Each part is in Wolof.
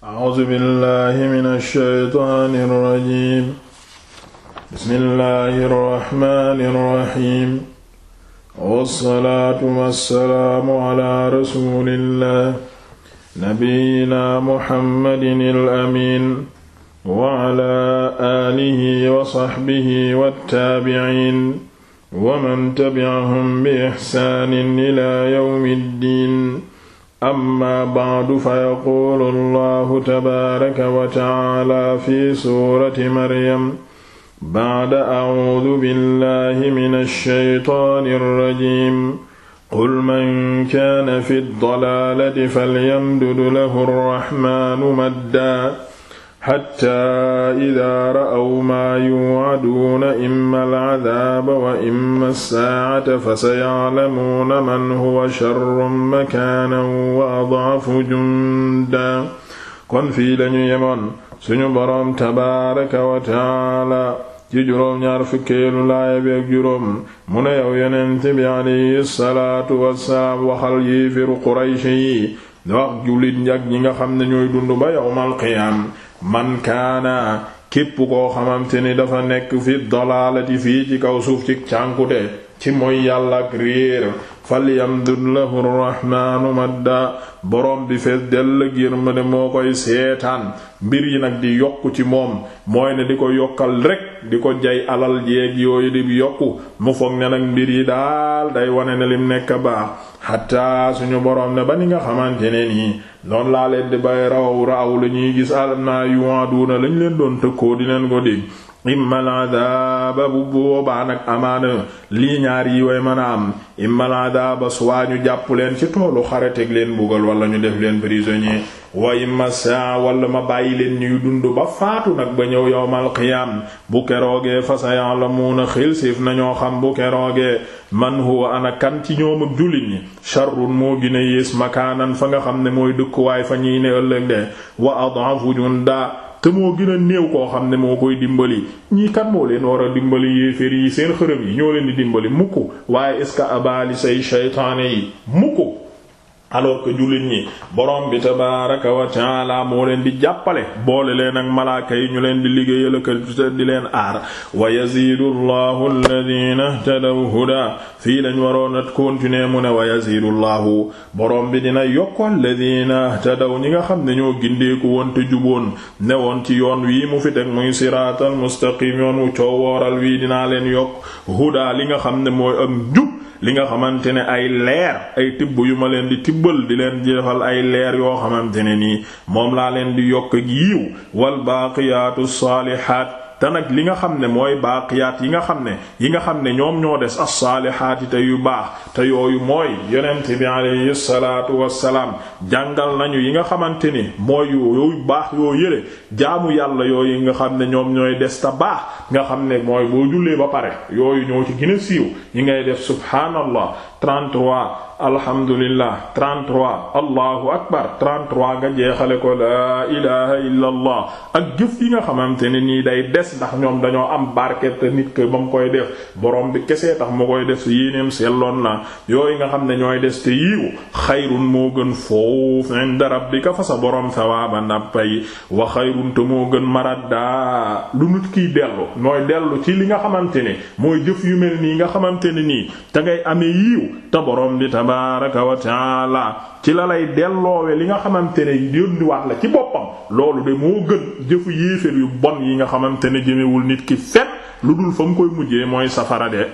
A'uuzu billaahi mina shaytaani rajiim. Bismillaahi rahmaani rahiim. Wassalaatu wassalaamu alaa rasuulillaah. Nabiyyinaa Muhammadin al-amiin. Wa alaa aalihi wa sahbihi wat-taabi'iin. Wa man tabi'ahum bi ihsaanin ilaa yawmi ddiin. amma ba'du fa yaquulu allahu tabaaraka wa ta'aala fi suurati maryam ba'da a'uudu billahi minash shaytaanir rajiim qul man kaana fi dalaalati falyamdud lahu arrahmaanu maddan hattaa idaa ra'aw maa yuu'aduuna imma al-'adaaba wa imma as-saa'ata fa saya'lamuuna man huwa sharrun makaanan wa ad'afu jundaa kon fii lañu yemoon suñu boroom tabaaraka wa ta'aala ci juróom ñaar fukkeelu laaya bi ak juróom mu ne yow yonent bi alayhi salaatu wassalaam waxal yéefiru Quraysh yi wax jullit ñi ak ñi nga xam ne ñooy dund ba yawmal qiyaam man kaana képp koo xamante ni dafa nekk fi dalaalati fii ci kaw suuf ci cànkute ci mooy yàlla ak réer falyamdud lahu rahmaanu madda borom bi fees dell girma ne moo koy seetaan mbir yi nag di yokku ci moom mooy ne di ko yokkal rekk di ko jay alal jeeg yooyu di yokk mu foog ne nag mbir yi daal day wane ne lim nekk baax xatta suñu borom ne ba ni nga xamante ne nii noonu laa leen di bay rawaw raaw la ñuy gis alnaa yuwaaduna lañ leen doon tëkkoo di leen ko dégg immal ba bu boobaa nag amaana lii ñaar yi way mën a am immal ba suwaa ñu jàpp leen ci toolu xare teg leen mbugal wala ñu def leen prisonnier wa imma saa wala ma bàyyi leen ñuy dund ba faatu nag ba ñëw yowmal qiyaam bu keroogee façon sa ya'lamuuna xil siif nañoo xam bu keroogee man huwa ana kan ci ñoom ak jullit ñi sharrun moo gina yées makaanan fa nga xam ne mooy dëkkuwaay fa ñuy ne ëllëg de wa ad'afu junda te moo gën a néew koo xam ne moo koy dimbali ñii kan moo leen war a dimbali yéeféer yi seen xërëm yi ñoo leen di dimbali mukk waaye est-ce que abali say shaytaane yi mukk alors que jullit ñi borom bi tabaaraka wa taala moo leen di jàppale boole leen ak malaaka yi ñu leen di liggéeyal ak di leen aar wa yaziidu llahu alladina htadaw huda fii lañ waroon a continuer mu ne wa yaziidu llahu borom bi dina yokk alladina htadaw ñi nga xam ne ñoo gindeeku woon te juboon ne woon ci yoon wii mu fi teg muy siraatal mustaqim yoon wu coowooral wii dinaa leen yokk huda li nga xam ne mooy ak njub li nga xamante ne ay leer ay tibb yu ma leen di tibbal di leen defal ay leer yoo xamante ne nii moom laa leen di yokk ak yiiw wal baaqiyaatu saalihaat te nag li nga xam ne mooy baaqiyaat yi nga xam ne yi nga xam ne ñoom ñoo des as-saalihaati te yu baax te yooyu mooy yonent bi alayhi salaatu wassalaam jàngal nañu yi nga xamante ni mooy yu baax yoo yële jaamu yàlla yooyu yi nga xam ne ñoom ñooy des ta baax nga xam ne mooy boo jullee ba pare yooyu ñoo ci gën a siiw yi ngay def subhaanallah 33 alhamdulillah 33 allahu akbar 33 nga jeexale ko laa ilaha illa ak jëf yi nga xamante ne nii day des ndax ñoom dañoo am barke te nit ko ba mu koy def borom bi kese tax mu koy def yéeneem selloon na yooyu nga xam ne ñooy des te yiiw xayrun moo gën foofu inda rabbika fa sa borom sawaaban appay wa xayrun te moo gën maradda lu nit kiy dellu mooy dellu ci li nga xamante mooy jëf yu mel nii nga xamante nii te ngay amee yiiw yiw te borom bi tabaaraka wa ci la lay delloowe li nga xamante ne yónniwaat la ci boppam loolu de moo gën jëfu yéeféer yu bon yi nga xamante ne jëmewul nit ki fet lu dul fa mu koy mujjee mooy safara de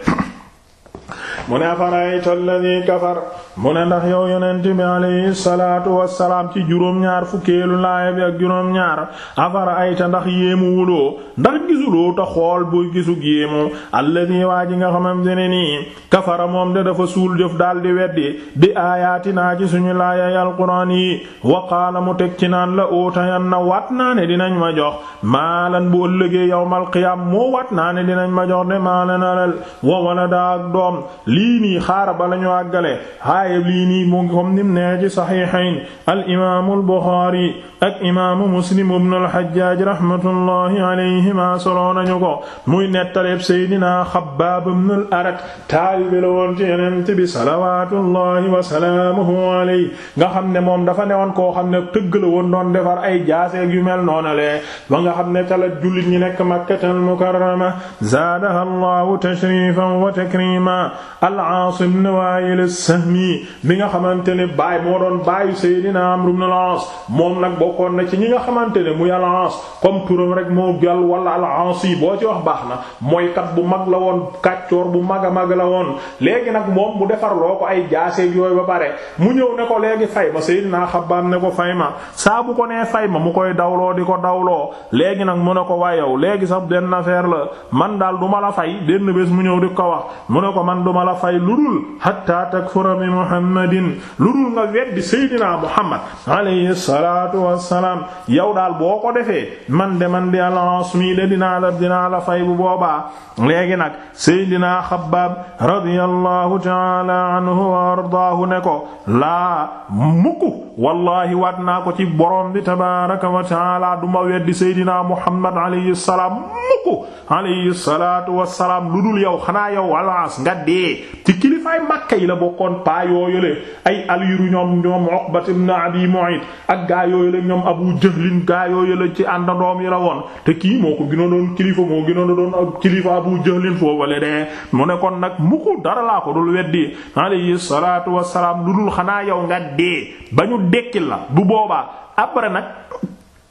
mu ne afarayta alladi kafar mu ne ndax yow yonent bi alayhi salaatu wassalaam ci juróom-ñaar fukkeelu laaya bi ak juróom-ñaar afarayta ndax yéemu wuloo ndax gisuloo ta xool bu gisu yéemu alladi waa ji nga xamante ne nii kafara moom de dafa suul jëf daal di weddi bi aayaatinaa ci suñu laayay alquraan yi wa qaala mu teg ci naan la ootayan na waat naa ne dinañ ma jox maalan bu ëllëgee yawmal qiyaam moo waat naa ne dinañ ma jox de maalan alal doom lii nii xaara ba la ñu àggale xaaye lii nii mu ngi comme nim nee ci saxiixayn al imaamu al buxaari ak imaamu muslim ibnu al xajjaaj rahmatullahi alayhima soloo nañu ko muy nettaleeb seydina xabbaab ibnu al arat taalibe la woon ci yonent bi salawaatullahi wa salaamuhu alayhi nga xam ne moom dafa newoon koo xam ne tëgg la woon doon defar ay jaaseeg yu mel noona le ba nga xam ne tala jullit ñi nekk makkatal mukarrama zaadaha allahu tashrifan wa takrima al-Aas ibn Waa'il as-Sahmi mi nga xamante ne baay moo doon baayu Seydina Amr ibn al-Aas moom nag bokkoon na ci ñi nga xamante ne muy al-Aas comme turam rek moo gal wala al-Aas yi boo ci wax baax na mooy kat bu mag la woon kàccoor bu mag a mag la woon léegi nag moom mu defar loo ko ay jaaseeg yooyu ba pare mu ñëw ne ko léegi fay ma Seydina Xabbaab ne ko fay ma saa bu ko nee fay ma mu koy dawloo di ko dawloo léegi nag mu ne ko waayow léegi sax benn affaire la man daal du ma di ko la fay lu dul hatta takfura bi muhammadin lu dul nga weddi seydina muhammad alayhi salaatu wassalaam yow daal boo ko defee man de man de alaasmi de dinaa la dinaa la fay bu boobaa léegi nag seydina xabbaab radiyallahu taala anhu wa ardaahu ne ko laa mukku wallahi waat naa ko ci borom bi tabaaraka wa taala duma weddi seydina muhammad alayhi salaam mukku alayhi salaatu wassalaam lu dul yow xanaa yow alaas nga dee ci kilifaay Makka yi la bokkoon paa yooyule ay aliru ñoom ñoom Uqbat ibn Abi Mu'ayt ak gaa yooyule ñoom Abu Jahlin gaa yooyule ci àndandoom yi la woon te kii moo ko gënoon doon kilifa moo gënoon a doon kilifa Abu Jahlin foofale dee mu ne kon nag mu ko dara laa ko dul weddi alayhi salaatu wassalaam lu dul xanaa yow nga dee ba ñu dekkil la bu boobaa après nag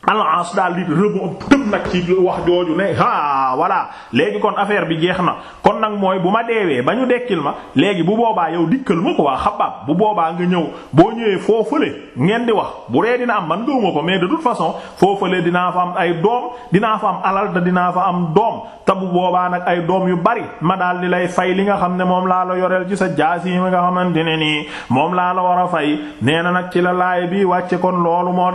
alance daal di rebon tëb nag ci wax jooju ne ah voilà léegi kon affaire bi jeex na kon nag mooy bu ma deewee ba ñu dekkil ma léegi bu boobaa yow dikkal ma ko waa xabaab bu boobaa nga ñëw boo ñëwee foofale ngeen di wax bu dee dina am man gëwuma ko mais de toute façon foofale dinaa fa am ay doom dinaa fa am alal te dinaa fa am doom te bu boobaa nag ay doom yu bari ma daal di lay fay li nga xam ne moom laa la yoreel ci sa jaas yi nga xamante ne nii moom laa la war a fay nag ci la laay bi wàcce kon loolu moo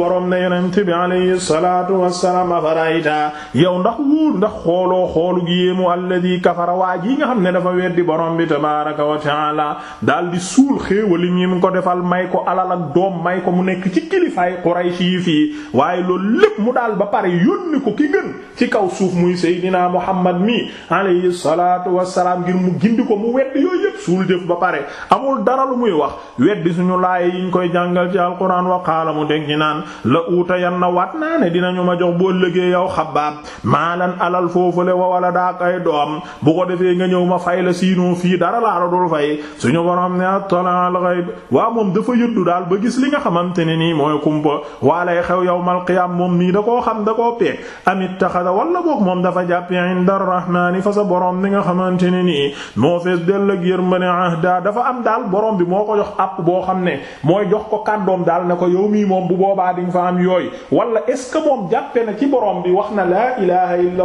borom ne yonent bi alayhi salaatu wassalaam afarayta yow ndax wóor ndax xooloo xoolu gi yéemu alladi kafara waa ji nga xam ne dafa weddi borom bi tabaaraka wa taala daal di suul xéewal yi mu ko defal may ko alal ak doom may ko mu nekk ci kilifaay Quraysh yi fii waaye loolu lépp mu daal ba pare yónni ko ki gën ci kaw suuf muy Seydina Muhammad mi alayhi salaatu wassalaam ngir mu gindi ko mu weddi yooyu yépp suul jëf ba pare amul dara lu muy wax weddi suñu laay yiñ koy jàngal ci alquran wa mu teg ci naan la uutayan na waat naa ne dinañu ma jox boo lëgee yow xabaab maalan alal foofule wa wala daa ay doom bu ko defee nga ñëw ma fay la siinoo fii dara laa la dul fay suñu borom ne attala al ghaib waa moom dafa daal ba gis li nga xamante ne nii mooy kumpa waa lay xew yawmal qiyaam moom nii da koo xam da koo peeg amit taxada wala boog moom dafa jàppe inda rahmaani fa sa li nga xamante ne nii moo fees dell ak yërmande ahda dafa am daal borom bi moo ko jox app boo xam ne mooy jox ko kàddoom daal ne ko yow mii moom bu boobaa di nga fa am yooyu wala est ce que moom jàppe na ci borom bi wax na laa ilaha illa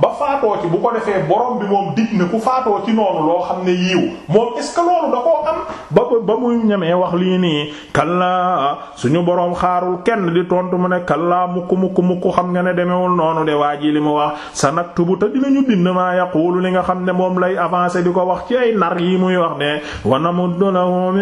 ba faatoo ci bu ko defee borom bi moom dig na ku faatoo ci noonu loo xam ne yiiw moom est ce loolu da koo am ba ba muy ñamee wax lii nii kallaa suñu borom xaarul kenn di tontu mu ne kallaa mukk mukk mukk xam nga ne demewul noonu de waa li mu wax sa nag tubu te dinañu bind maa yaqulu li nga xam ne moom lay avancé di ko wax ci ay nar yi muy wax ne wa namuddu lahu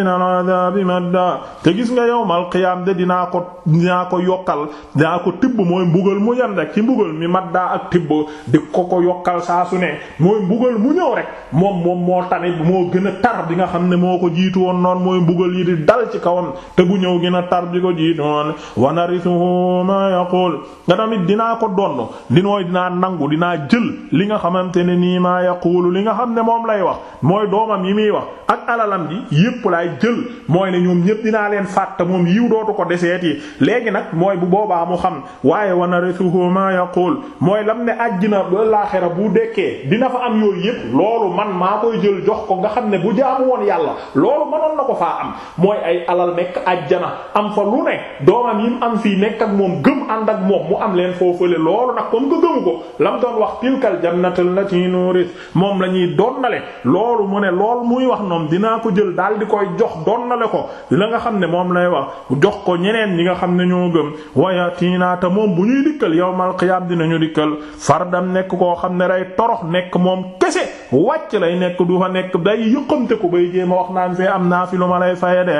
min dinaa ko yokkal dinaa ko tibb mooy mbugal mu yem rek ci mbugal mi mat daa ak tibb di ko ko yokkal saa su ne mooy mbugal mu ñëw rek moom moom moo tane moo gën a tar bi nga xam ne moo ko jiitu woon noonu mooy mbugal yi di dal ci kawam te bu ñëw gën a tar bi ko jiitu woon wanarisuhu ma yaqul nga dinaa ko donn dinooy dinaa nangu dinaa jël li nga xamante ne nii ma yaqulu li nga xam ne moom lay wax mooy doomam yi muy wax ak alalam ji yépp lay jël mooy ne ñoom ñépp dinaa leen fàtte moom yiw dootu ko deseeti léegi nag mooy bu boobaa mu xam waaye wanarisuhu ma yaqul mooy lam ne àjjina ba laaxira bu dekkee dina fa am yooyu yëpp loolu man maa koy jël jox ko nga xam ne bu jaamu woon yàlla loolu mënoon ko faa am mooy ay alal nekk àjjana am fa lu ne doomam am fii nekk moom gëm ànd ak moom mu am leen foofale loolu nag comme que ko lam doon wax tilkal jannatul lati nuris moom la ñuy donnale loolu mu ne loolu muy wax noonu dinaa ko jël daal di koy jox donnale ko la nga xam ne moom lay wax jox ko ñeneen ñi nga xam xam ne ñoo gëm waya tiinaa moom bu ñuy dikkal yawmal qiyaam dinañu dikkal fardam nekk koo xam ne day torox nekk moom kese wàcc lay nekk du fa nekk day yëqamte ko bay jéema wax naan fee am naa fi lu ma lay faye de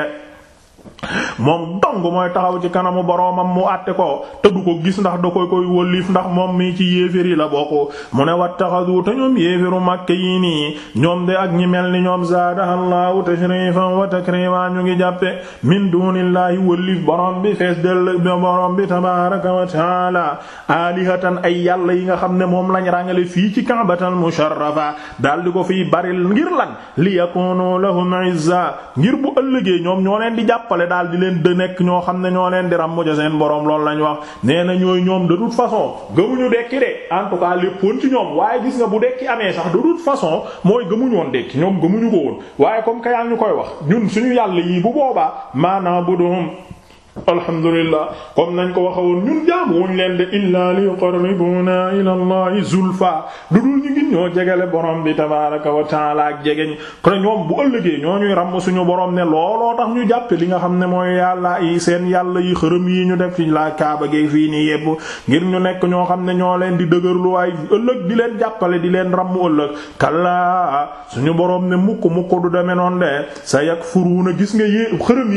moom dong mooy taxaw ci kanamu boroomam mu àtte ko te du ko gis ndax da koy koy wëlliif ndax moom mii ci yéefér yi la bokk mu ne wattaxadu te ñoom yéeféru Makka yi nii ñoom de ak ñi mel ni ñoom zaadahallahu tashrifan wa takrima ñu ngi jàppe min dunillahi wëlliif borom bi fees del borom bi tabaraka wa taala alihatan ay yàlla yi nga xam ne moom lañ ràngale fii ci ka'batal musharrafa daal di ko fiy baril ngir lan li yakunu lahum izza ngir bu ëllëgee jàppale daal di leen de nekk ñoo xam ne ñoo leen di ram mujj seen borom loolu lañ wax nee na ñooy ñoom de toute façon gëmuñu dekki de en tout cas léppoon ci ñoom waaye gis nga bu dekki amee sax de toute façon mooy gëmuñu woon dekki ñoom gëmuñu ko woon waaye comme que yaa ñu koy wax ñun suñu yàlla yi bu boobaa maanaam bu doom alhamdulillah kon nañ ko waxa woon ñun jaamu wuñ leen de illaa li yuqarribuna ila allahi zulfa du dul ñu ngi ñoo jegale borom bi tabaraka wa taala ak jegeñ kon ñoom bu ëllëgee ñoo ñuy ràmm suñu borom ne looloo tax ñu jàppe li nga xam ne mooy yàlla yi seen yàlla yi xërëm yi ñu def fi la kaaba gi fii nii yépp ngir ñu nekk ñoo xam ne ñoo leen di dëgërlu ay ëllëg di leen jàppale di leen ràmm ëllëg kallaa suñu borom ne mukk mukk du deme noon de sa yakfuruuna gis nga yi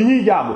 ñuy jaamu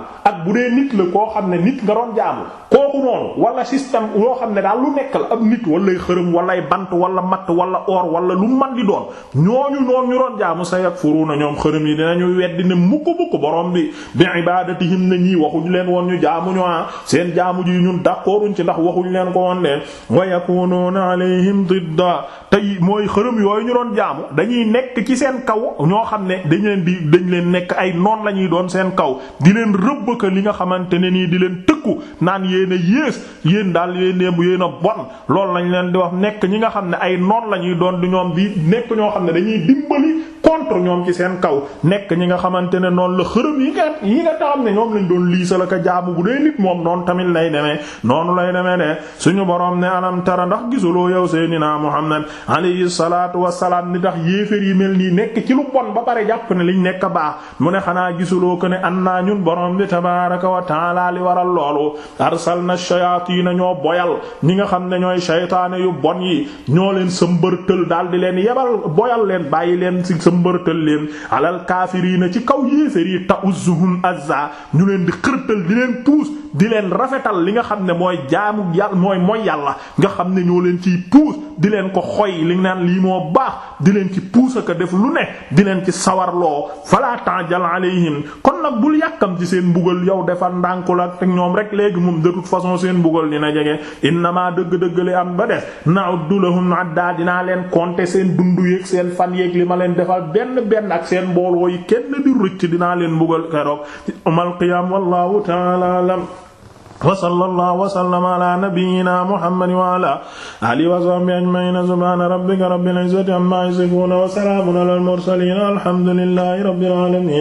la koo xam ne nit nga doon jaamu kooku noonu wala système yoo xam ne daal lu nekk la ab nit wala ay xërëm wala ay bant wala matt wala or wala lu man di doon ñooñu noonu ñu doon jaamu sa yakfuruna ñoom xërëm yi dinañu weddi ne mukk mukk borom bi bi ibadatihim na ñii waxuñu leen woon ñu jaamu ah. seen jaamu ji ñun d'accorduñ ci ndax waxuñu leen ko woon leen wa yakununa alayhim didda tey mooy xërëm yooyu ñu doon dañuy nekk ci seen kaw ñoo xam ne dañ leen di dañ leen nekk ay noon lañuy doon seen kaw di leen rëbb ko li nga xamante ne nii di leen tëkku naan yéen a yées yéen daal yéen a bon loolu lañ leen di wax nekk ñi nga xam ne ay noon la doon di ñoom di nekk ñoo xam ne dañuy dimbali contre ñoom ci seen kaw nekk ñi nga xamante ne noon la xërëm yi nga yi nga taxam ne ñoom lañ doon lii sa la ko jaamu bu dee nit moom noonu tamit lay demee noonu lay demee ne suñu borom ne alam tara ndax gisuloo yow seydinaa Muhammad alayhi salaatu wassalaam ni tax yéeféer yi mel nii nekk ci lu bon ba ta'ala li waral loolu arsalna shayaatiina ñoo boyal ñi nga xam ne ñooy shaytaane yu bon yi ñoo leen sëmbërtël daal di leen yebal boyal leen bàyyi leen si ci sëmbërtël leen alal kaafiriina ci kaw yéeféer yi ta'uzuhum azza ñu leen di xërtal di leen puus di leen rafetal li nga xam ne mooy jaamu yàlla mooy mooy yàlla nga xam ne ñoo leen ciy puus di leen ko xoy li naan lii moo baax di leen ci puus ak def lu ne di leen ci sawarloo fala ta'jal alayhim kon nag bul yàkkam ci seen mbugal yow defar ndànkul ak ñoom rek léegi moom de toute façon seen mbugal dina jege innamaa dëgg-dëgg li am ba des na'uddu lahum adda dinaa leen compter seen dundu yeeg seen fan yeeg li ma leen defal benn benn ak seen mbooloo yi kenn di rëcc dinaa leen mbugal keroog yawmal qiyaam wallahu ta'ala a'lam wa sallallahu wa sallama ala nabiyyina muhammadin wa ala alihi wa sahbihi ajma'in subhana rabbika rabbil izzati amma yasifun wa salamun alal mursalin alhamdulillahi rabbil alamin